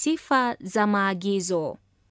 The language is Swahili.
Sifa za maagizo.